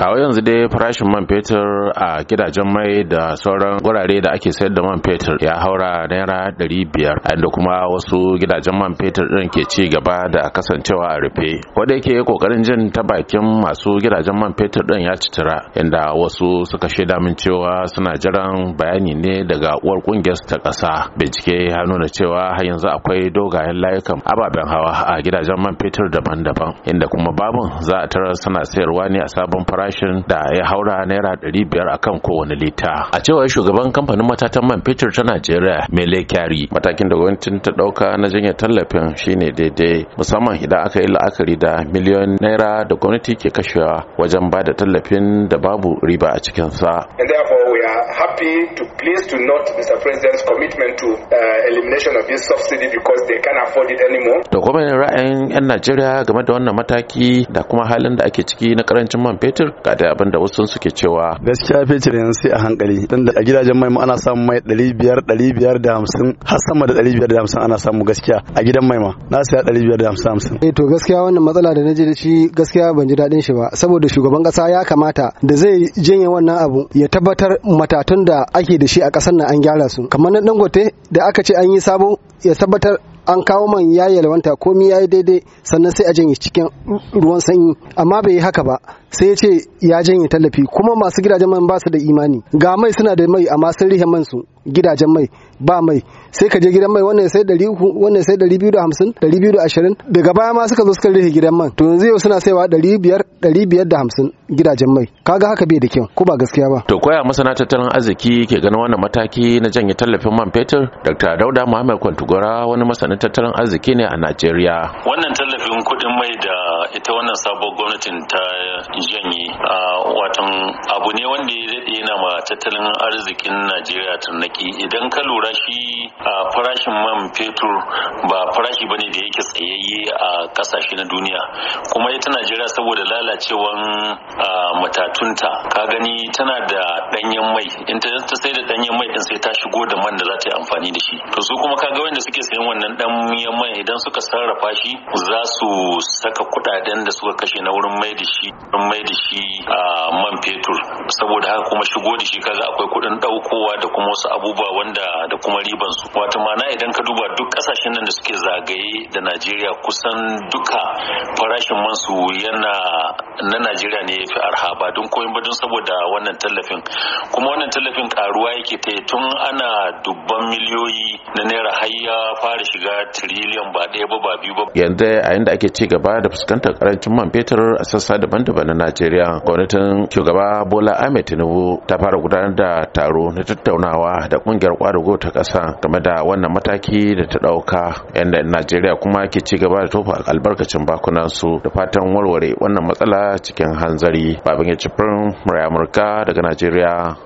kawo yanzu dai farashin man fetur a gidajen mai da sauran wurare da ake sayar da man fetur ya haura naira ɗari biyar da kuma wasu gidajen man fetur ɗin ke ci gaba da kasancewa a rufe wanda yake kokarin jin ta bakin masu gidajen man fetur ɗin ya citira inda wasu suka shaida min cewa suna jiran bayani ne daga uwar kungiyar ta ƙasa bincike ya nuna cewa har yanzu akwai dogayen layukan ababen hawa a gidajen man fetur daban-daban inda kuma babun za a tarar suna sayarwa ne a sabon farashi farashin da ya haura naira ɗari biyar akan kowane lita a cewar shugaban kamfanin matatan man fetur ta najeriya mele kyari matakin da gwamnatin ta ɗauka na jinyar tallafin shine daidai musamman idan aka yi la'akari da miliyon naira da gwamnati ke kashewa wajen ba da tallafin da babu riba a cikinsa. happy to please to note Mr. President's commitment to uh, elimination of this subsidy because they can't afford it anymore. To kuma ra'ayin 'yan Najeriya game da wannan mataki da kuma halin da ake ciki na karancin man fetur ga da abin da wasu suke cewa. Gaskiya fetur yanzu sai a hankali dan da a gidajen mai ana samun mai 500 550 har sama da 550 ana samu gaskiya a gidan mai ma na saya 550. Eh to gaskiya wannan matsala da naje da shi gaskiya ban ji dadin shi ba saboda shugaban kasa ya kamata da zai jinya wannan abu ya tabbatar matatun da ake da shi a ƙasar nan an gyara su kamar na dangote da aka ce an yi sabo ya tabbatar an kawo man ya yalwanta komi ya yi daidai sannan sai a janye cikin ruwan sanyi amma bai yi haka ba sai ya ce ya janye tallafi kuma masu gidajen man ba su da imani ga mai suna da mai amma sun rihe man su gidajen mai ba mai sai ka je gidan mai wannan sai ɗari uku wannan sai dari biyu da hamsin dari biyu da ashirin daga baya ma suka zo suka rihe gidan man to yanzu yau suna saiwa dari biyar dari biyar da hamsin gidajen mai kaga haka bai da kyau ko ba gaskiya ba. to koya masana tattalin arziki ke ganin wannan mataki na janye tallafin man fetur dr dauda muhammad kwantugora wani masanin tattalin arziki ne a Najeriya. Wannan tallafin kuɗin mai da ita wannan sabuwar gwamnatin ta janye a watan abu ne wanda ya daɗe yana ma tattalin arzikin Najeriya tunaki idan ka lura shi a farashin man fetur ba farashi ba ne da yake tsayayye kasashe na duniya kuma ita najeriya saboda lalacewan matatunta ka gani tana da danyen mai in ta sai da danyen mai din sai ta shigo da man da za ta yi amfani da shi to su kuma kaga wanda suke sayan wannan danyen mai idan suka sarrafa shi za su saka kudaden da suka kashe na wurin mai da shi mai da shi a man fetur saboda haka kuma shigo da shi kaga akwai kudin daukowa da kuma wasu abubuwa wanda da kuma riban su wato ma'ana idan ka duba duk kasashen nan da suke zagaye da Najeriya kusan duka farashin masu yana na najeriya ne ya fi arha ba don koyon ba saboda wannan tallafin kuma wannan tallafin karuwa yake ta tun ana dubban miliyoyi na naira har ya fara shiga tiriliyan ba ɗaya ba ba biyu ba yanzu a yanda ake ci gaba da fuskantar karancin man fetur a sassa daban-daban na najeriya gwamnatin shugaba bola ahmed tinubu ta fara gudanar da taro na tattaunawa da kungiyar kwadago ta kasa, game da wannan mataki da ta ɗauka yanda najeriya kuma ke ci gaba da tofa albarkacin bakunansu da fatan warware wannan matsala cikin hanzari babin ya ci murai amurka daga najeriya